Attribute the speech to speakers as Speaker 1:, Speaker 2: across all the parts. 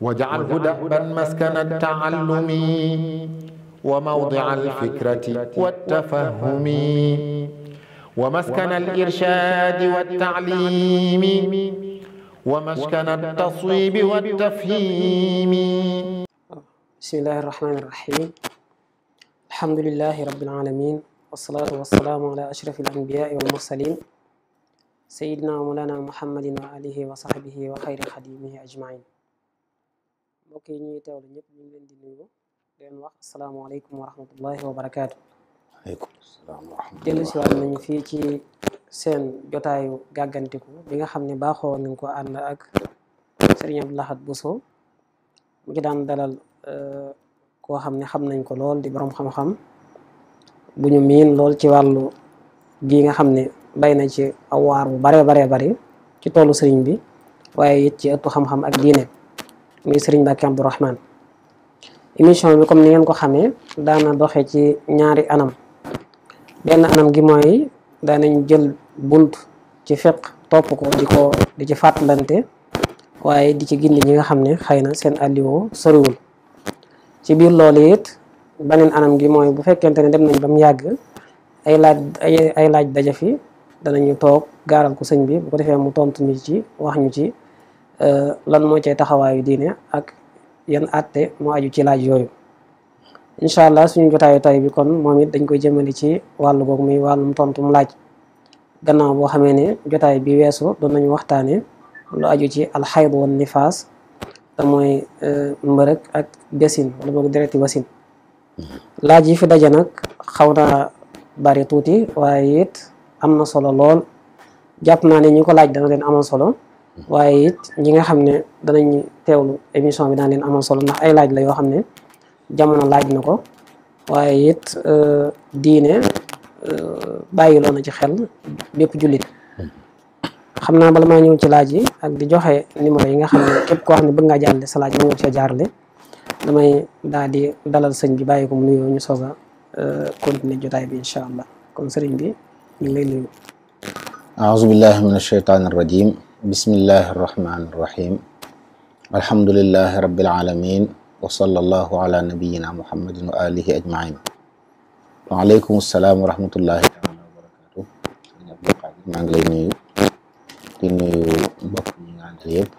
Speaker 1: واجعله دأبا مسكن التعلم وموضع الفكرة والتفهم ومسكن الإرشاد والتعليم ومسكن التصويب
Speaker 2: والتفهيم
Speaker 3: بسم الله الرحمن الرحيم الحمد لله رب العالمين والصلاة والسلام على أشرف الأنبياء والمرسلين سيدنا مولانا محمد وآله وصحبه وخير خديمه أجمعين mbokk yi ñuy teewlu ñëpp ñu ngi leen di nuyu leen wax asalaamaaleykum wa rahmatullahi wa barakaatu. waaleykum salaam wa rahmatulah. fii ci seen jotaayu gàggantiku bi nga xam ne baaxoo nañ ko ànd ak Serigne Abdou Lahad Bousso mu ci daan dalal euh, ko xam ne xam nañ ko lool di borom xam-xam bu miin lool ci wàllu gi nga xam ne bay na ci awaar bu baree baree bari ci toolu sëriñ bi waaye it ci ëttu xam-xam ak diine. muy Serigne Mbacké Abdou Rahmane émission bi comme ni ngeen ko xamee daana doxe ci ñaari anam benn anam gi mooy daanañ jël bunt ci fiq topp ko di ko di ci fàttalante waaye di ci gindi ñi nga xam ne xëy na seen àlliwoo soriwul ci biir loolu it beneen anam gi mooy bu fekkente ne dem nañ ba mu yàgg ay laaj ay laaj daja fi danañu toog gaaral ko sëñ bi bu ko defee mu tontu ñu ci wax ñu ci Euh, lan moo cay taxawaayu diine ak yan atte moo ci laaj yooyu incha allah suñu jotaayu tay bi kon moom it dañ koy jëmale ci wàllu googu muy wàllum tontum laaj gannaaw boo xamee ne jotaay bi weesu doon nañu waxtaane aju ci alxayd wan nifaas te mooy euh, mbërëg ak besin wala boog mm-hmm. laaj yi fi daje nag xaw naa bari tuuti waaye it am na solo lool jàpp naa ne ñu ko laaj dana leen amal solo waaye it ñi nga xam ne danañ teewlu émission bi daan leen amal solo ndax ay laaj la yoo xam ne jamono laaj na ko waaye it euh, diine euh, bàyyiloo na ci xel bépp jullit xam naa bala maa ñëw ci laaj yi ak di joxe numéro yi nga xam ne képp koo xam ne bëgg ngaa jaarale sa laaj mën nga cee jaarale damay daal di dalal sëñ bi bàyyi ko mu nuyoo ñu soog a euh, continuer jotaay bi incha allah kon sëriñ bi ñu ngi lay nuyu.
Speaker 1: aouzu billahi min acheytaan arrajim bismillahi irrahmani irrahim alhamdulilahi rabilalamin wasala allahu ala nabiyina muhammadin wa alihi ajmain waaleykum assalaam wa rahmatullahi taala wa barakatu sëñ Abdou Khadre maa ngi lay nuyu di nuyu mbokk ñi nga àndal yëpp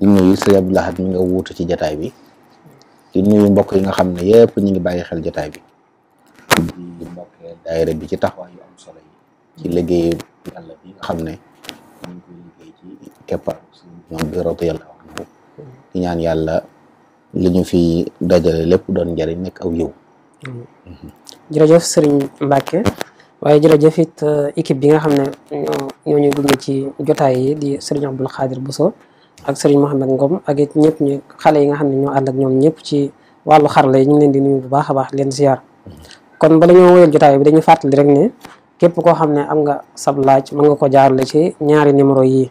Speaker 1: di nuyu sëñ Abdou Lahad mi nga wuutu ci jataay bi di nuyu mbokk yi nga xam ne yëpp ñu ngi bàyyi xel jataay bi di mbokkee daayira bi ci taxawaay yu am solo yi ci liggéey yàlla bi nga xam ne keppar ñoom bi radiyallahu ñaan yàlla li ñu fi dajale lépp doon njëriñ nekk aw yow
Speaker 2: mm-hmm.
Speaker 3: jërëjëf sëriñ Mbacke waaye jërëjëf it uh, équipe bi nga xam ne ñoo ñuy gunge ci jotaay yi di sëriñ Abdul Xaadir Bousso ak sëriñ Mohamed Ngom ak it ñëpp ñu xale yi nga xam ne ñoo ànd ñoom ñëpp ci wàllu xarala yi ñu ngi leen di nuyu bu baax a baax leen ziar mm-hmm. kon bala ñoo woyal jotaay bi dañuy fàttali rek ne képp koo xam ne am nga sab laaj mën nga ko jaar jaarale ci ñaari numéro yii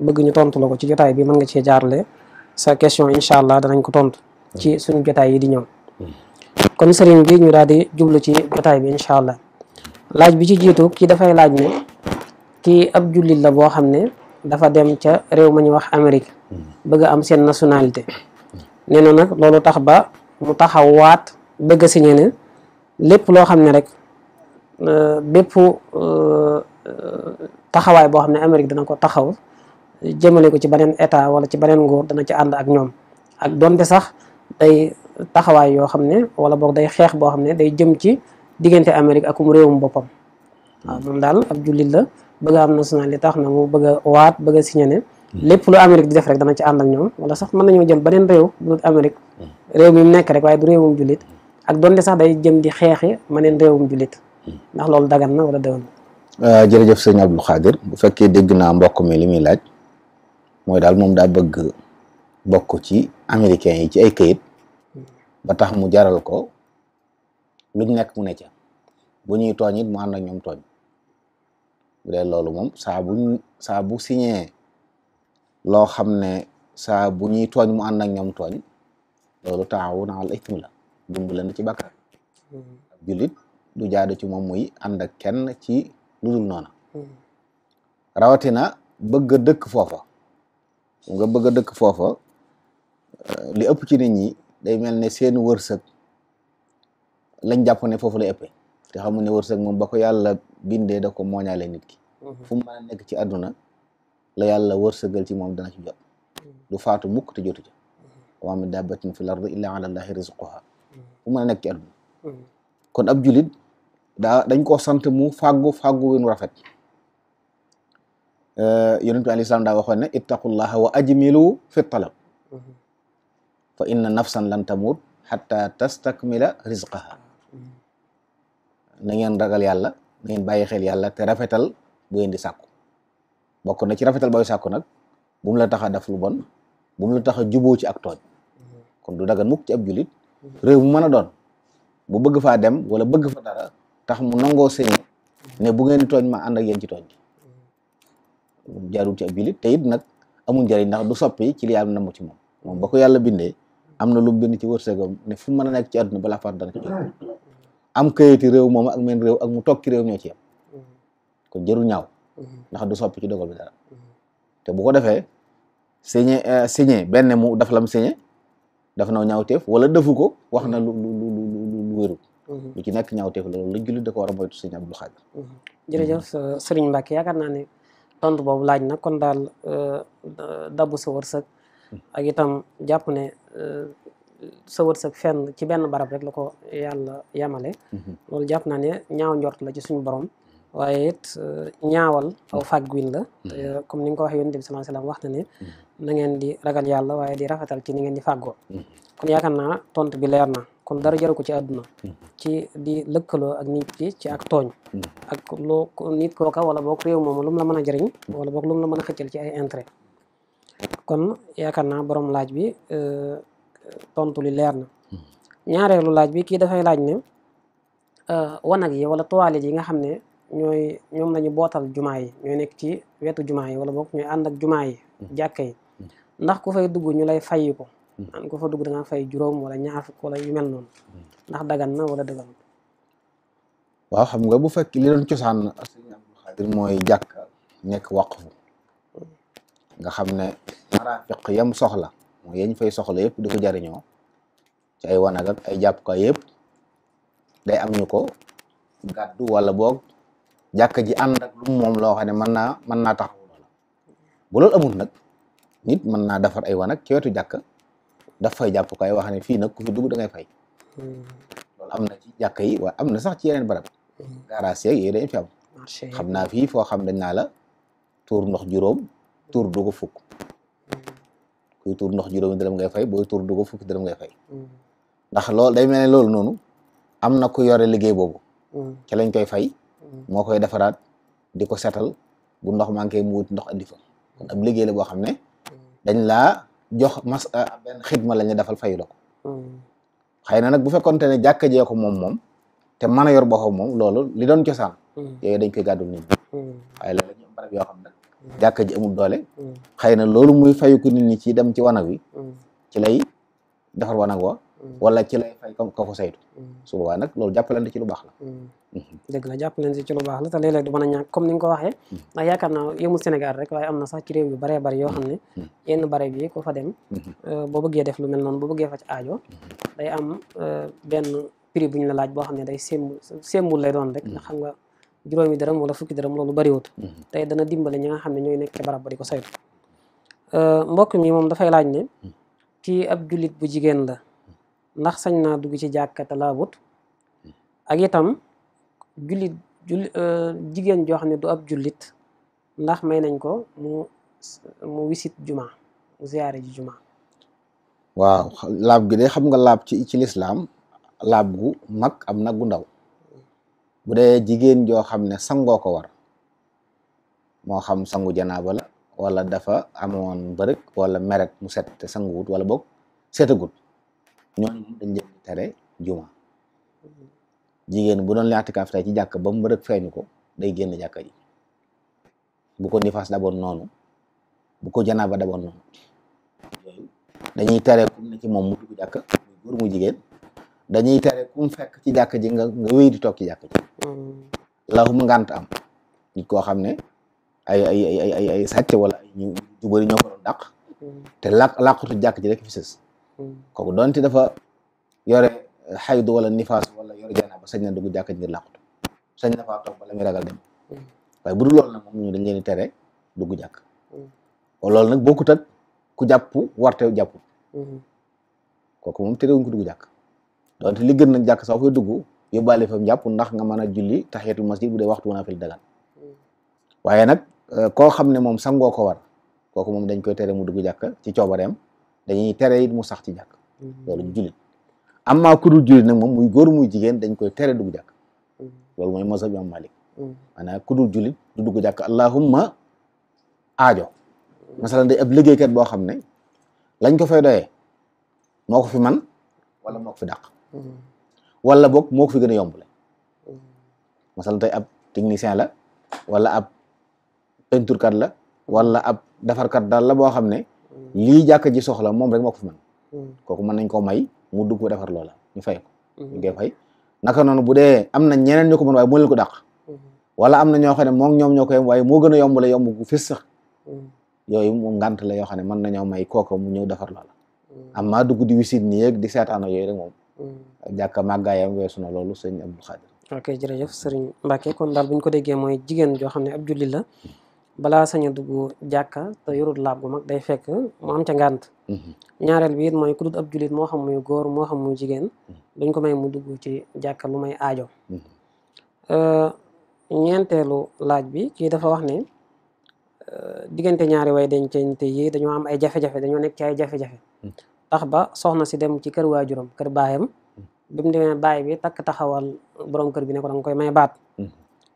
Speaker 3: bëgg ñu tontu la ko ci jotaay bi mën nga cee jaarale sa question incha allah danañ ko tontu ci mm. suñu jotaay yi di ñëw mm. kon sëriñ bi ñu daal di jublu ci jotaay bi incha allah laaj bi ci jiitu kii dafay laaj ne kii ab jullit la boo xam ne dafa dem ca réew ma ñuy wax Amérique mm. bëgg am seen nationalité nee na nag loolu tax ba mu taxaw waat bëgg a signé ne lépp loo xam ne rek euh, bépp euh, euh, taxawaay boo xam ne Amérique dana ko taxaw jëmale ko ci beneen état wala ci beneen nguur dana ci ànd ak ñoom ak donte sax day taxawaay yoo xam ne wala boog day xeex boo xam ne day jëm ci diggante Amérique akum réewum boppam hmm. waaw moom daal ab jullit la bëgg a am nationalité tax na mu bëgg waat bëgg a signé ne hmm. lépp lu Amérique di def rek dana ci ànd ak ñoom wala sax mën na nañoo jël beneen réew bu Amérique hmm. réew mi nekk rek waaye du réewum jullit ak donte sax day jëm di xeexi maneen réewum jullit ndax loolu dagan na wala déwén
Speaker 1: euh, jërëjëf sëñ Abdou Khadir bu fekkee dégg naa mbokk mi li laaj mooy daal moom daa bëgg bokk ci américains yi ci ay këyit ba tax mu jaral ko luñ nekk mu ne ca bu ñuy tooñ it mu ànd ak ñoom tooñ bu dee loolu moom saa saa bu signé loo xam ne saa ñuy tooñ mu ànd ñoom tooñ loolu taawun al ithmi la dimbalante ci bàkkaar
Speaker 2: ab
Speaker 1: mm-hmm. du jaadu ci moom muy ànd kenn ci lu dul noona mm-hmm. rawatina bëgg dëkk foofa nga bëgg a dëkk foofa euh, li ëpp ci nit ñi day mel ne seen wërsëg lañ jàpp ne foofu lay ëppee te xamu ne wërsëg moom ba ko yàlla bindee da ko mooñaale nit ki mhm. fu mu nekk ci àdduna la yàlla wërsëgal ci moom dana ci jot mhm. du faatu mukk te jotu ca mhm. wa min dabbatin fil ardi illa ala allahi rizquha fu mu mën a nekk ci
Speaker 2: àdduna
Speaker 1: kon ab julit daa dañ ko sant mu fàggu fàggu win rafet Eh, yonent bi alayhi salaam daa waxoon ne ittaqullaha wa ajmilu fi talab fa inna nafsan lan tamut hatta tastakmila rizqaha na ngeen ragal yàlla na ngeen bàyyi xel yàlla te rafetal bu ngeen di sàkku bokk na ci rafetal booy sakku nag bu mu la tax a def lu bon bu la tax a juboo ci ak tooñ kon du dagan mukk ci ab julit réew mu mën a doon bu bëgg faa dem wala bëgg fa dara tax mu nangoo sëñ ne bu ngeen tooñ ma ànd ak yéen ci tooñ jaarul ci ab jullit te it nag amul njëriñ ndax du soppi ci li yàlla namm ci moom moom ba ko yàlla bindee am na lu mu bind ci wërsëgam ne fu mën a nekk ci na bala faat dana ko jot am kayiti réew moom ak men réew ak mu toog ci réew ñoo ci yem ñaaw ndax du soppi ci dogal bi dara te bu ko defee signé eh, signé benn mu daf lam signé daf naw ñaawteef wala defu ko wax na lu lu lu lu lu wérul mhm. lu ci nekk ñaawteef la loolu la jullit da ko war a moytu sëñ Abdou Khadre
Speaker 3: mhm. jërëjëf tontu boobu laaj na kon daal euh, dabu sa wërsëg ak itam jàpp ne euh, sa wërsëg fenn ci benn barab rek la ko yàlla yemale mhm. loolu jàpp na ne ñaaw njort la ci suñu borom waaye it euh, ñaawal aw fàgguin la mhm. comme ni nga ko waxee yonent bi sallallahu alayhi wasallam wax na ne mhm. na ngeen di ragal yàlla waaye di rafetal ci ni ngeen di fàggoo kon yaakaar naa tontu bi leer na kon dara jaru ko ci àdduna mm-hmm. ci di lëkkaloo ak nit ki ci ak tooñ mm-hmm. ak loo nit kooka wala book réew moom lu la mën a jariñ mm-hmm. wala book lu mu la mën a xëccal ci ay intérêt kon yaakaar naa borom laaj bi euh, tontu li leer na ñaareelu laaj bi kii dafay laaj ne euh, wanag yi wala toilettes yi nga xam ne ñooy ñoom lañu bootal jumaa yi ñooy nekk ci wetu jumaa yi wala boog ñooy ànd ak jumaa yi jàkka yi ndax ku fay dugg ñu lay fayyi ko Mm. an ko fa dugg da nga fay juróom wala ñaar fukk wala yu mel noonu mm. ndax dagan na wala dagan
Speaker 1: waaw xam nga bu fekk li doon cosaan Sëriñ mooy jàkk nekk waqfu mm. nga xam ne marafiq yam soxla mooy yañ fay soxla yëpp di ko jariñoo ci ay wanag ak ay jàppukaay yëpp day am ñu ko gàddu wala boog jàkk ji ànd ak lu moom loo xam ne mën naa mën naa taxaw loola bu amul nag nit mën naa defar ay wanag ci wetu jàkk daf fay jàppukaay wax ne fii nag ku fi dugg fay hmm. loolu am na ci jàkk yi waaye am na sax ci yeneen barab hmm. garage yeeg yooyu dañ fi am xam naa fii foo xam dañ naa la tuur ndox juróom tuur dugg fukk hmm. ku tur ndox juróomi dërëm ngay fay booy tuur dugg fukki dërëm ngay fay ndax loolu day mel ne loolu noonu am na ku yore liggéey boobu ca lañ koy fay moo koy defaraat di ko setal bu ndox manqué mu wut ndox andi fa kon ab liggéey xam ne dañ laa jox mas ah, benn xidma la ñu defal fayu ko hmm. xëy na nag bu fekkonte ne jàkka jee ko moom moom te mën a yor boppam moom loolu li doon cosaan hmm. yooyu dañ koy gàddul nit
Speaker 2: ñi
Speaker 1: la hmm. ñu am barab yoo xam ne jàkka ji amul doole xëy na loolu muy fayu ko nit ñi ci dem ci wanag wi ci lay defar wanag wa Mm. wala ci lay fay ka ko saytu mm. su boobaa nag loolu jàppalante ci lu baax la
Speaker 2: mm.
Speaker 3: mm-hmm. dëgg la jàppalante ci lu baax la te léeg-léeg du mën a ñàkk comme ni nga ko waxee ndax yaakaar na yëmul Sénégal rek waaye am na sax ci réew yu baree bari yoo xam ne mm-hmm. yenn barab bi ku fa dem mm-hmm. euh, boo bëggee def lu mel noonu boo bëggee faj aajo day am euh, benn prix bu ñu la laaj boo xam ne day semb sembul lay doon rek xam nga juróomi dërëm wala fukki dërëm loolu bariwut tey dana dimbale ñi nga xam ne ñooy nekk barab ba di ko saytu euh, mbokk mi moom dafay laaj ne ki ab jullit bu jigéen la ndax sañ naa dugg ci jàkka te laabut ak itam jullit euh, jigéen joo xam ne du ab jullit ndax may nañ ko mu mu wisit juma mu ziyaare ji juma
Speaker 1: waaw laab gi de xam nga laab ci ci lislaam laab gu mag am na gu ndaw bu dee jigéen joo xam ne sangoo ko war moo xam sangu janaaba la wala dafa amoon bërëg wala meret mu set te sanguwut wala boog setagut ñooñu dañ leen tere juma jigéen bu doon laata kaaf tey ci jàkk ba mu rek feeñu ko day génn jàkka ji bu ko nifaas daboon noonu bu ko janaaba daboon noonu dañuy tere kum ne ci moom mu dugg jàkk muy góor mu jigéen dañuy tere mu fekk ci jàkk ji nga nga wéy di toog ci mm. ngant am nit koo xam ne ay ay ay wala ay ñu bëri ñoo ko doon dàq mm. te làq làqutu jàkk ji rek kooku donte dafa yore xaydu wala nifaas wala yore janaaba sañ na dugg jàkk ngir làqutu sañ na faa toog bala muy ragal dem mm. waaye bu dul na nag moom ñu dañ leen tere dugg jàkk mm. loolu nag bokkut ak ku jàpp warte jàpp
Speaker 2: mm-hmm.
Speaker 1: kooku moom terewuñ ko dugg jàkk donte li gën nag jàkk soo koy dugg yóbbaale fa jàpp ndax nga mën a julli tahiyatul masjid bu dee waxtu wanaa fil dagan mm. waaye nag eh, koo xam ne moom sangoo ko war kooku moom dañ koy tere mu dugg jàkk ci coobareem dañuy tere it mu sax ci jàkk mm-hmm. loolu ñu jullit amma ku moom muy góor muy jigéen dañ koy tere dugg jàkk
Speaker 2: mm-hmm.
Speaker 1: loolu mooy mazhab imam malik mm-hmm. maanaam ku dul jullit du jàkk allahumma aajo masalan day ab liggéeykat boo xam ne lañ ko fay doyee moo ko fi man wala moo fi dàq wala boog mook fi gën a yombale masalan tey ab technicien la wala ab peinturekat la wala ab defarkat daal la boo xam ne lii jàkk ji soxla moom rek moo ko fi mën hmm. kooku mën nañ koo may mu dugg ko defar loola ñu fay ko hmm. ñu koy fay naka noonu bu dee am na ñeneen ñu ko mën waaye moo ko dàq hmm. wala am na ñoo xam ne moom ñoom ñoo ko yem moo gën a yomb la yomb gu fis sax yooyu mu ngànt la yoo xam ne mën nañoo may kooka mu ñëw defar loola amma dugg di wisit nii yeeg di seetaan yooyu rek moom jàkka màggaayam weesu na loolu sëñ Abdul Xaadir
Speaker 3: ok jërëjëf sëriñ Mbacke kon daal bu ñu ko déggee mooy jigéen joo xam ne ab la balaa sañ duggu dugg jàkka te yorul laab gu mag day fekk mu am ca ngànt mhm. ñaareel bi it mooy ku dut ab julit moo xam muy góor moo xam muy jigéen mhm. duñ ko may mu dugg ci jàkka lu may aajo mhm. euh, ñeenteelu laaj bi kii dafa wax ne euh, diggante ñaari way dencante yi dañoo am ay jafe dañoo nekk ci ay jafe tax ba soxna si dem ci kër waajuram kër baayam bi mu demee baay takk taxawal borom kër bi ne danga koy may baat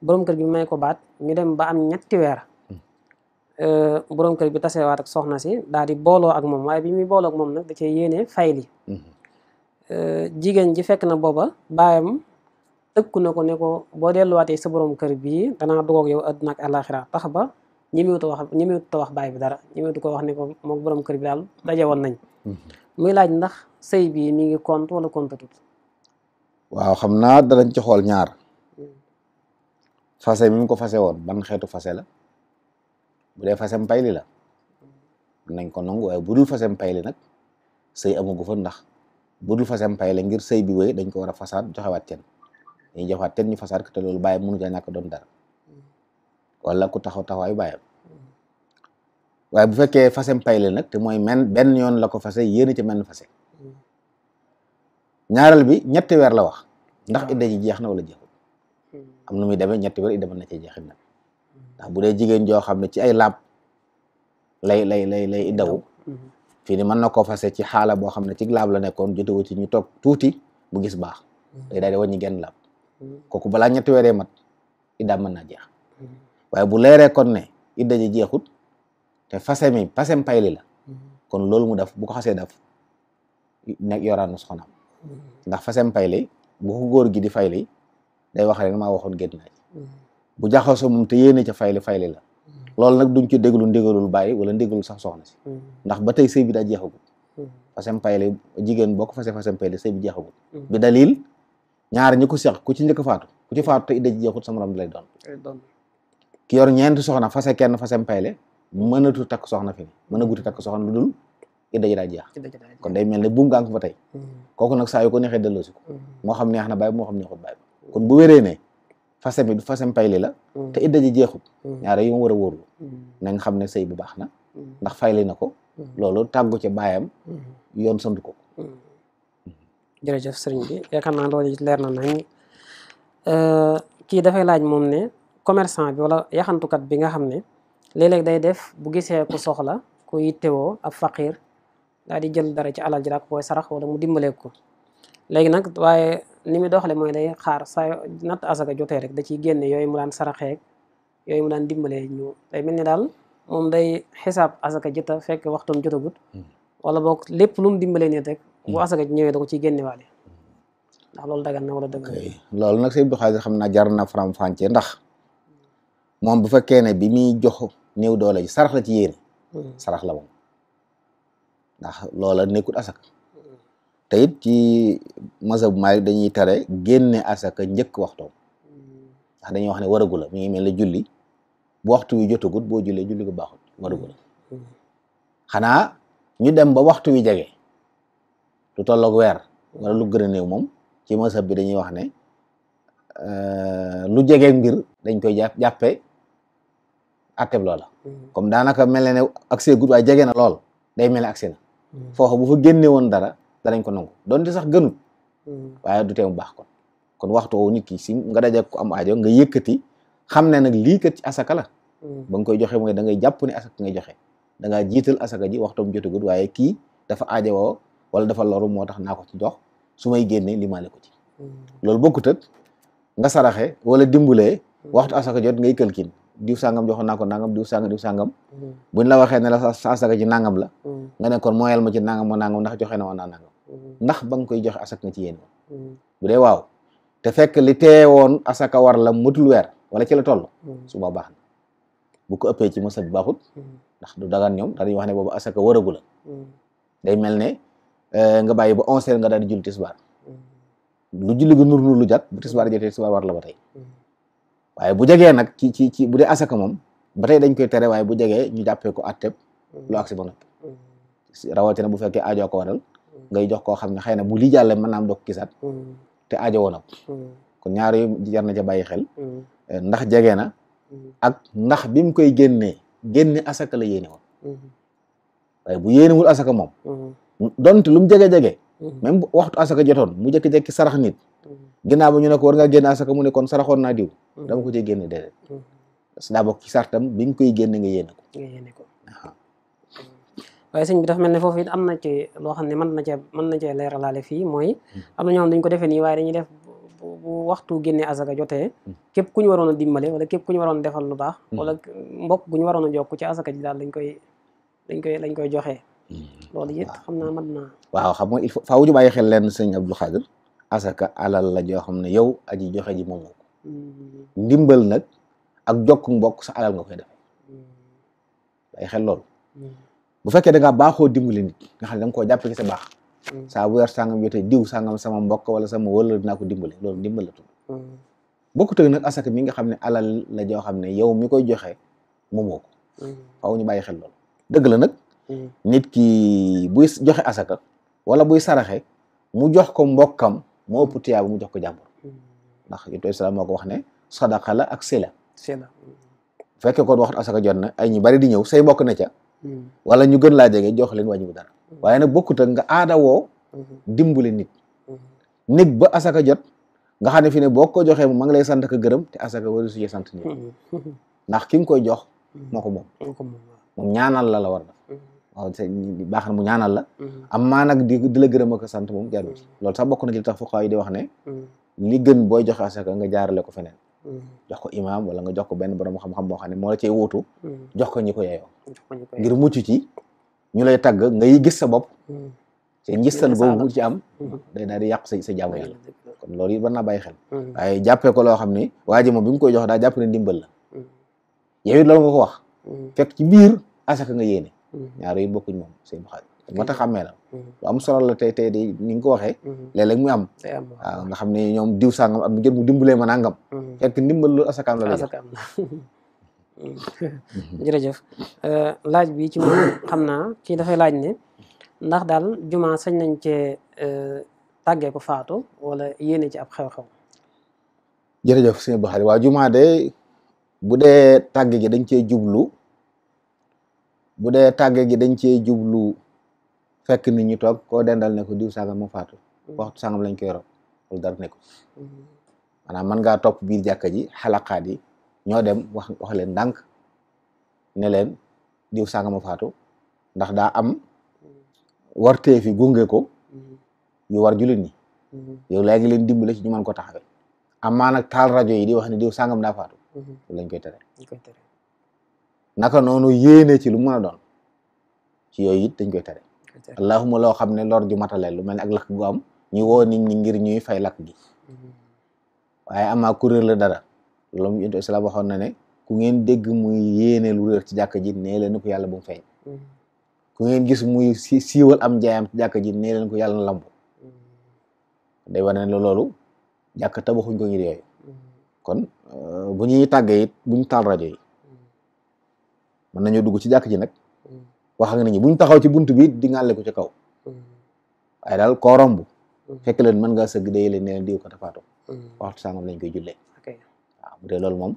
Speaker 3: borom kër may ko baat ñu dem ba am ñetti weer borom kër bi waat ak soxna si daal di booloo ak moom waaye bi muy booloo ak moom nag da cee yéene li mhm. jigéen ji fekk na booba baayam tëkku na ko ne ko boo delluwaatee sa borom kër bii danaa dugg ak yow àdduna ak àllaaxira tax ba ñemewut a wax ñemewut a wax baay bi dara ñemewut ko wax ne ko moom borom kër bi daal daje woon nañ mhm. muy laaj ndax sëy bii mi ngi compte wala compte tut
Speaker 1: waaw xam naa danañ ci xool ñaar hmm. fase mi mu ko fase woon ban xeetu fase la bu dee fasem payli la nañ ko nangu waaye budul fasem payli nag sëy amagu fa ndax budul fasem ngir sëy bi wéy dañ ko war a fasaat joxewaat ten dañuy joxewaat ten ñu fasaat ko te loolu bàyyam mënu ca ñàkk doon dara wala ku taxaw taxawaayu bàyyam waaye bu fekkee fasem payli nag te mooy men benn yoon la ko fase yéen ci menn fase ñaareel bi ñetti weer la wax ndax idda ji jeex na wala jeexul nu muy demee ñetti weer idda na cee jeexit nag bu dee jigéen joo xam ne ci ay laab lay lay lay lay iddawu mm-hmm. fii ni mën na koo fase ci xaala boo xam ne ci laab la nekkoon jotewu ci ñu toog tuuti bu gis baax mm-hmm. day daal di wàññi genn laab
Speaker 2: mm-hmm.
Speaker 1: kooku balaa ñetti weeree mat iddaam mën naa jeex waaye bu leeree kon ne idda ji jeexut te fase mi pasem payli la kon loolu mu def bu ko xasee def nekk yoraanu soxnaam ndax fasem payli bu ko góor gi di fayli day wax rek ma waxoon génn naa bu jaxasoo moom te yéene ca fayli fayli la mm. loolu nag duñ ci déglu ndigalul bàyyi wala ndigalul sax soxna si mm. ndax ba tey sëy bi daa jeexagul mm. fasem payli jigéen boo ko fase fasem payli sëy bi jeexagul bi dalil ñaar ñi ko seq ku ci njëkk faatu ku ci faatu te idda ji jeexut sama ram bi lay
Speaker 2: doon
Speaker 1: ki yor ñeenti soxna fa kenn fasem payle mënatu takk soxna fi mën a guti takk soxna lu dul idda ji daa jeex kon day mel ne bu gaa ko fa tey kooku nag saa yu ko neexee delloosi ko moo xam neex na bàyyi moo xam neexut bàyyi kon bu wéree fasem bi du fasem payli la mm. te idda ji jeexul mm. ñaare yu mu war a wóorlu mm. na xam ne sëy bu baax na ndax fayli na ko loolu tàggu ca baayam yoon sant ko
Speaker 3: jërëjëf sëriñ bi yaakaar naa loolu leer na nañ euh, kii dafay laaj moom ne commerçant bi wala yaxantukat bi nga xam ne léeg day def bu gisee ku soxla ku yittewoo ab faqiir daal di jël dara ci alal ji daal ko koy sarax wala mu dimbaleek ko léegi nag waaye ni mu doxale mooy day xaar nat natt asaka jotee rek da ciy génne yooyu mu daan saraxeeg yooyu mu daan dimbalee ñu day mel ni daal moom day xisaab asaka jota fekk waxtum jotagut hmm. wala boog lépp lu mu dimbalee nit rek bu hmm. ñëwee da ko ciy génne waale hmm. ndax loolu dagan na wala dagan
Speaker 1: loolu nag sëñ bi xaalis xam naa jar na faram-fàccee ndax moom bu fekkee ne bi muy jox néew doole ji sarax la ci yéene sarax la moom ndax loola nekkul assak te it ci mazhab Maalik dañuy tere génne asaka njëkk waxto ndax dañuy wax ne waragu la mi ngi mel ne julli bu waxtu wi jotagut boo jullee julli ko baaxut waragu la xanaa ñu dem ba waxtu wi jege lu tolloog weer wala lu gën a moom ci mazhab bi dañuy wax ne euh, lu jege mbir dañ koy jàpp jàppe atteb loola comme daanaka mel ne ne accès gut waaye jege na lool day mel ne accès na hmm. foofu bu génne woon dara danañ ko nangu donte sax gënul hmm. waaye du tee mu baax kon kon waxtu woowu nit ki si nga daje ko am aajo nga yëkkati xam ne nag lii kat ci asaka la hmm. ba koy joxe mooy da ngay jàpp ne asaka ngay joxe da ngaa jiital asaka ji waxtoom jotagul waaye kii dafa aajo woo wala dafa loru moo tax naa ko ci su may génnee limaale ko ci hmm. lool bokkut ak nga saraxe wala dimbulee waxtu asaka jot ngay këlkin diw sàngam joxoon naa ko nangam diw sàngam diw sàngam buñ la waxee ne la sa asaka ci la
Speaker 2: nga
Speaker 1: ne kon mooyal ma ci nangam ma nangam joxe na ma nangam ndax ba nga koy joxe asak nga ci yéene mm. bu dee waaw te fekk li teewoon asaka war la mutul weer wala ci la toll mm. suba baax na bu ko ëppee ci mos bi baaxut mm. ndax du dagaan ñoom dañuy wax ne boobu asaka waragu la day mel ne euh, nga bàyyi ba onze heures nga daal di tisbaar lu julli gu nur nur lu jat bu tisbaar jotee tisbaar war la ba tey waaye bu jegee nag ci ci ci bu dee asaka moom ba tey dañ koy tere waaye bu jegee ñu jàppee ko atteb lu aksi ba noppi rawatina bu fekkee aajoo ngay jox koo xam ne xëy na bu li jàlle mën naa am doo hmm. ko te ajo na kon ñaar yu jar na ca bàyyi xel hmm. eh, ndax jege na hmm. ak ndax bi mu koy génnee génne asaka la yéene woon bu bu yéenewul asaka moom don lu mu jege-jege même waxtu asaka jotoon mu jekki-jekki sarax nit ginnaaw ba ñu ne ko war ngaa génne asaka mu ne kon saraxoon naa diw dama ko cee génne déedéet parce daa bokk ci sartam bi koy génne nga
Speaker 2: yéene ko
Speaker 3: waaye sëñ bi daf mel ne foofu it am na ci loo xam ne mën na cee mën na cee leeralaale fii mooy hmm. am na ñoo xam dañ ko defee nii waaye dañuy def bu waxtu génne asaka jote hmm. képp ku ñu waroon a dimbale wala képp ku ñu waroon a lu baax hmm. wala mbokk gu ñu waroon a jokk ci asaka ji daal dañ koy dañ koy lañ koy joxee loolu it xam naa mën naa
Speaker 1: waaw xam nga il faut ñu bàyyi xel leen sëñ Abdou Khadir asaka alal la joo xam ne yow aji joxe ji moom ndimbal nag ak jokk mbokk sax alal nga koy def bàyyi xel loolu bu fekkee da ngaa baaxoo dimbali nit nga xam ne koo jàppe ki sa baax mm. saa bu weer sàngam jotee diw sàngam sama mbokk wala sama wëla dinaa ko dimbali loolu dimbal la tudd mm. bokku tëg nag asaka mi nga xam ne alal la joo xam ne yow mi koy joxe moomoo ko mm. faaw ñu bàyyi xel loolu dëgg la nag nit ki buy joxe asaka wala buy saraxe mu jox ko mbokkam moo ëpp tiyaaba mu jox ko jàmbur ndax yonent bi salaam moo ko wax ne sadaqa la ak sila
Speaker 2: bu
Speaker 1: fekkee kon waxtu asaka jot na ay ñu bari di ñëw say mbokk na ca wala ñu gën laa jege jox wa wàññiwu dara mm-hmm. waaye nag bokkut ak nga aada woo mm-hmm. dimbale nit
Speaker 2: mm-hmm.
Speaker 1: nit ba asaka jot nga xam ne fi ne boo ko joxee mu ma lay sant ak gërëm te asaka waru suje sant nit ndax ki nga koy jox moo ko moom moom ñaanal la la war na waaw baax na mu ñaanal la am maa nag di di la gërëm ak sant moom jaarul loolu sax bokk na ci li tax fuqaa yi wax ne li gën booy joxe asaka nga jaarale ko feneen Mm. jox ko imaam wala nga jox ko benn borom xam-xam boo xam ne moo la cay mm. jox ko ñi ko yeyoo. ngir mucc ci ñu lay tagg ngay gis sa bopp. Mm. te ngistal boobu ci am. day daal di yàq sa sa jaamu yàlla. kon loolu it war naa bàyyi xel. waaye jàppee ko loo xam ne waa ji moom bi nga koy jox daa jàpp ne ndimbal la. yow it loolu nga ko wax. fekk ci biir asaka nga yéene. ñaar yooyu bokkuñ moom seen xarit. moo tax xàmmee la mm-hmm. lu am solo la tey tey di ni nga ko waxee mm-hmm. léeg-léeg am xam ne ñoom diw sàngam at mu jot mu dimbalee ma nangam mm-hmm. fekk ndimbal loolu asakaam la
Speaker 3: la euh, laaj bi ci moom xam naa kii dafay laaj ne ndax daal juma sañ nañ cee euh, tàggee ko faatu wala yéene ci ab xew-xew
Speaker 1: jërëjëf sëñ Buxaari waa juma de bu dee tàgge gi dañ cee jublu bu dee tàgge gi dañ cee jublu fekk nit ñi toog koo dendal ne ko diw sangam moo faatu mm. waxtu sangam lañ koy rob loolu dara nekku mm. mën ngaa topp biir jàkka ji xalaqaat yi ñoo dem wax wax ne leen diw sangam moo faatu ndax daa am wartee fi gunge ko yu war jullit ñi mm. yow léegi leen dimbale ci ñu mën ko taxawe amaa nag taal rajo yi di wax ne diw sangam daa faatu mm-hmm. loolu lañ koy naka noonu yéene ci lu mën a doon ci yooyu dañ koy tere allahuma loo xam ne lor ju matale lu mel ne ak lakk gu am ñu woo nit ñi ngir ñuy fay lakk gi mm-hmm. waaye amaa ku la dara loolu yonent islam waxoon na ne ku ngeen dégg muy yéene lu ci jàkka ji nee leen ko yàlla mu feeñ mm-hmm. ku ngeen gis muy siiwal am jaayam ci ji nee leen ko yàlla na lamb mm-hmm. day wane ne loolu jàkka tabaxuñ ko ngir yooyu kon uh, bu ñuy tàggee buñ taal rajo yi mën dugg ci jàkk ji nag wax ak nit ñi buñ taxaw ci bunt bi di ngàlle ko ci kaw mm-hmm. waaye daal ko romb
Speaker 2: mm-hmm.
Speaker 1: fekk len mën nga sëgg day leen ne leen diw ko tafaatoo mm-hmm. waxtu sàngam lañ koy jullee waaw bu dee loolu moom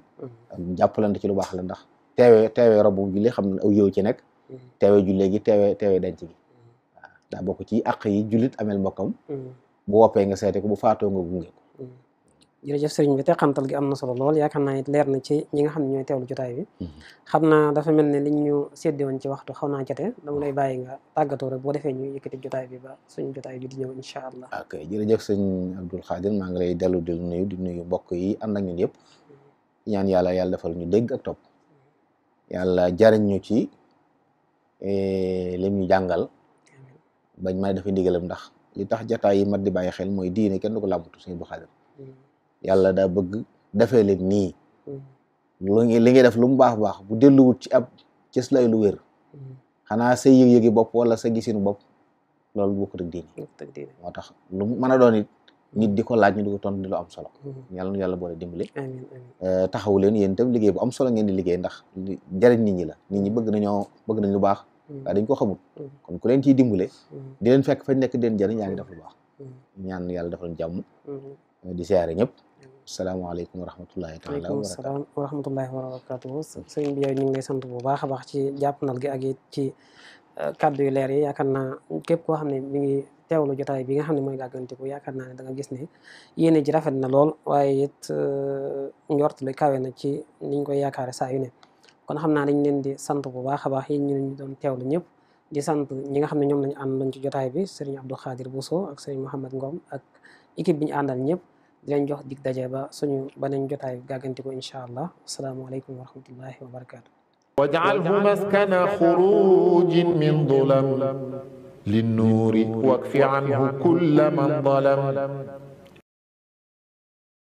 Speaker 1: jàppalante ci lu baax la ndax teewee teewee romb jullee xam ne aw yow ci nekk teewee jullee gi teewee teewee denc gi waaw daa bokk ci àq yi jullit amel mbokkam bu woppee nga seete ko bu faatoo nga gunge ko
Speaker 3: jërëjëf sëriñ bi te xamtal gi am na solo lool yaakaar naa it leer na ci ñi nga xam ne ñooy teewlu jotaay bi mm-hmm. xam naa dafa mel ne liñ ñu séddi ci waxtu xaw naa jate dama lay bàyyi nga tàggatoo rek boo defee ñu yëkkati jotaay bi ba suñu a bi di ñëw incha
Speaker 1: allah ok jërëjëf sëñ Abdul Xaadir maa ngi lay dellu di nuyu di nuyu mbokk yi ànd ak ñun yëpp ñaan yàlla yàlla defal ñu dégg ak topp yàlla ñu ci e, lim ñu jàngal bañ ma defe ndigalam ndax li tax jotaay yi mat di bàyyi xel mooy diine kenn du ko làmbatu Abdul Xaadir mm-hmm. yàlla daa bëgg defee leen nii
Speaker 2: mm-hmm.
Speaker 1: lu ngi li ngi def lu mu baax baax bu delluwut ci ab cës lay lu wér mm-hmm. xanaa sa yëg-yëgi bopp wala sa gisinu bopp loolu bokkut ak diine moo tax lu mën a doon nit di ko laaj ñu di ko tontu am solo mm-hmm. yàlla nu yàlla boole dimbali eh, taxaw leen yéen itam liggéey bu am solo ngeen di liggéey ndax jariñ nit ñi la nit ñi bëgg nañoo bëgg nañ lu baax waaye dañ ko xamul kon ku leen ciy dimbale di leen fekk fa nekk den leen jariñ yaa ngi lu baax ñaan yàlla defal jàmm
Speaker 2: eh,
Speaker 1: di siyaare ñëpp salaamaaleykum wa rahmatullahi taala wa barakaatu salaam
Speaker 3: wa rahmatullahi wa barakaatu sëriñ bi yow ñu ngi sant bu baax a baax ci jàppandal gi ak it ci euh, kàddu yu leer yi yaakaar naa képp koo xam ne mi ngi teewlu jotaay bi nga xam ne mooy gàggantiku yaakaar naa ne da gis ne yéene ji rafet na lool waaye it euh, njort lu kawe na ci niñ koy yaakaare saa yu ne kon xam naa dañ leen di sant bu baax a baax yéen ñu ñu doon teewlu ñëpp di sant ñi nga xam ne ñoom lañu àndaloon ci jotaay bi sëriñ Abdou Khadir Bousso ak sëriñ Mouhamed Ngom ak équipe bi ñu àndal ñëpp di leen jox dig daje ba suñu beneen jotaay gàggantiku incha allah asalaamaaleykum wa rahmatullahi wa barakaatu. waj'alhu maskana
Speaker 1: xurujin min dulam linnuuri wakfi anhu kulla man
Speaker 2: dalam